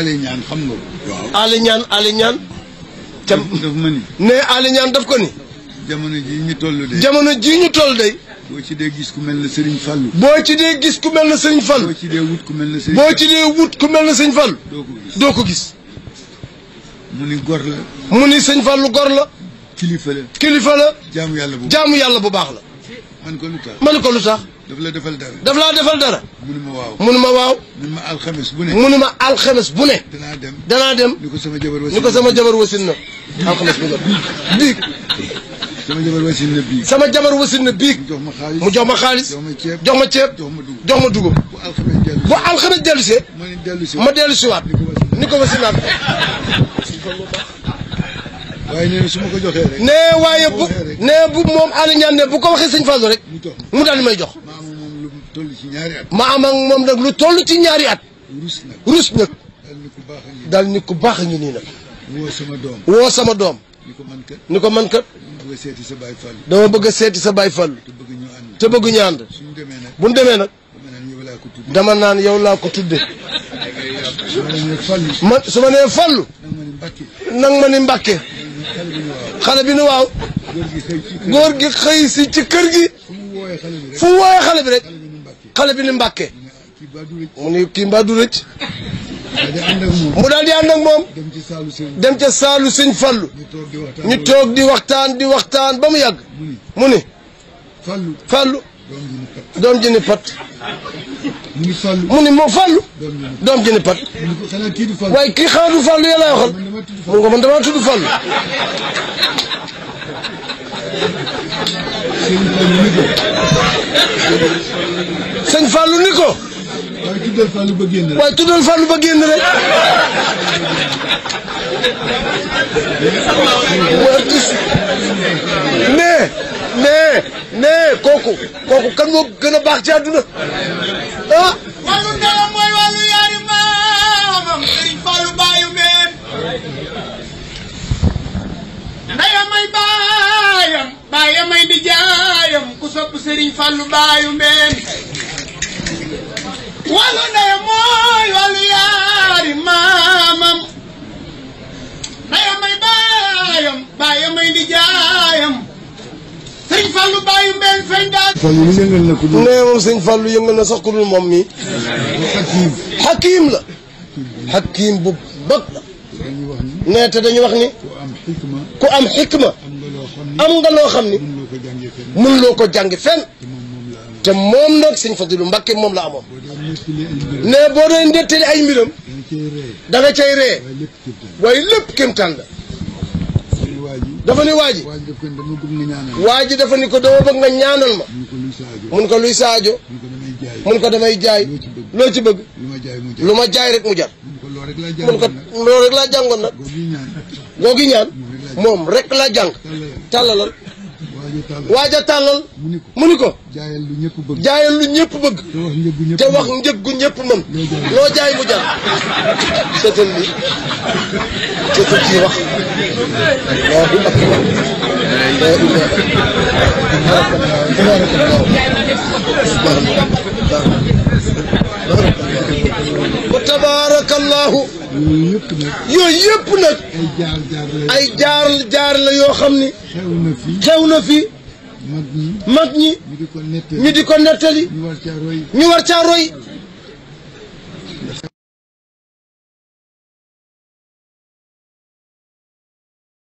Aly Niane xam nga ko. waaw Aly Niane Aly Niane. ca daf ko ni. jamono ji ñu toll de. jamono ji ñu toll day boo ci dee gis ku mel ne Serigne Fallou. boo ci dee gis ku mel ne Serigne Fallou. boo ci dee wut ku mel na Serigne boo ci dee wut ku mel ne Serigne Fallou. doo ko gis doo ko gis. mu ni gor la. mu ni Serigne Fallou gor la. kilifa la kilifa la. jaamu yàlla bu jaamu yàlla bu baax la. man ko lu tax man ko lu tax. daf la defal dara. daf laa defal dara. munuma waaw munuma waaw. munuma alxames bu ne. munuma alxames bu ne. danaa dem danaa dem. ni ko sama jabar wasin na ni ko sama jabar wasin na. alxames sama jabar wasin na biig. sama jabar wasin na biig. mu jox ma xaalis mu jox ma xaalis. jox ma ceeb jox ma ceeb. jox ma dugub bu alxames dellu bu see. ma ni dellu si ma dellu si ni ko wasinaat waaye nee na su ma ko joxee rek. nee waaye bu nee bu moom Aliou Niane bu ko waxee sëñ Fallou rek. mu daal di may jox. ma am ak moom nag lu tollu ci ñaari at rus nak dal ni ku bax ñu ni nak wo sama dom wo sama doom ni ko man kat dama bëgg a seeti sa baay fàllu te bëgg ñu ànd bu ñu demee nag dama naan yow la ko tudde man su ma nee nang ma ni mbàkke xale bi ni waw gor gi xey ci ci kër gi fu woy xale bi rek xale bi ni Mbàkke mu ni kii mbaa du rëcc mu daal di ànd ak moom dem ca saalu sëñ Fallu ñu toog di waxtaan di waxtaan ba mu yàgg mu ni Fallu doom ji ni pat mu ni moo Fallu doom ji pat waaye kii xanaa du Fallu yàlla waxal mu nga man Fallu tuddal Fallou ba génn rek. waaye tuddal Fallou ba génn rek. mais mais mais kooku kooku kan moo gën baax ci àdduna ah. wàllu ndeyam mooy wàllu yaari maamam sëriñ Fallou baayu meen walu ndey mooy walu yaari maamam ndeyam ay baayam baayam ay nijaayam sëñ Fallou bàyyi mbéy feñ na ko. nee moom sëñ Fallou yëngal na sax ku dul moom mi nee te wax ni. ku am xikma. am nga loo xam ni. mënuloo ko jàngi fenn. te moom nag sëñ lu Mbàkke moom la amoon ne boo doon nettali ay mbiram da nga cay ree waaye lépp kéemtaan la dafa ni waa ji waa ji dafa ni ko dama bëgg nga ñaanal ma mun ko luy saajo mun ko damay jaay loo ci bëgg lu ma jaay rek mu jar mun ko loolu rek laa jàngoon nag googi ñaan moom rek laa jàng tàllalal waaja tàllal muniko, ni ko jaayal lu ñëpp bëgg jaayal lu ñëpp bëgg te wax njëg gu ñëpp mën loo jaay mu jar seetal li seetal kii wax waaw ak tabaarakallah tabaarakallah yooyu yëpp na yooyu yëpp nag. ay jaar jaar la jaar la yoo xam ni. xew na fi xew mag ñi mag ñi. ñu di ko nettali ñu ñu war caa roy. ñu war caa roy.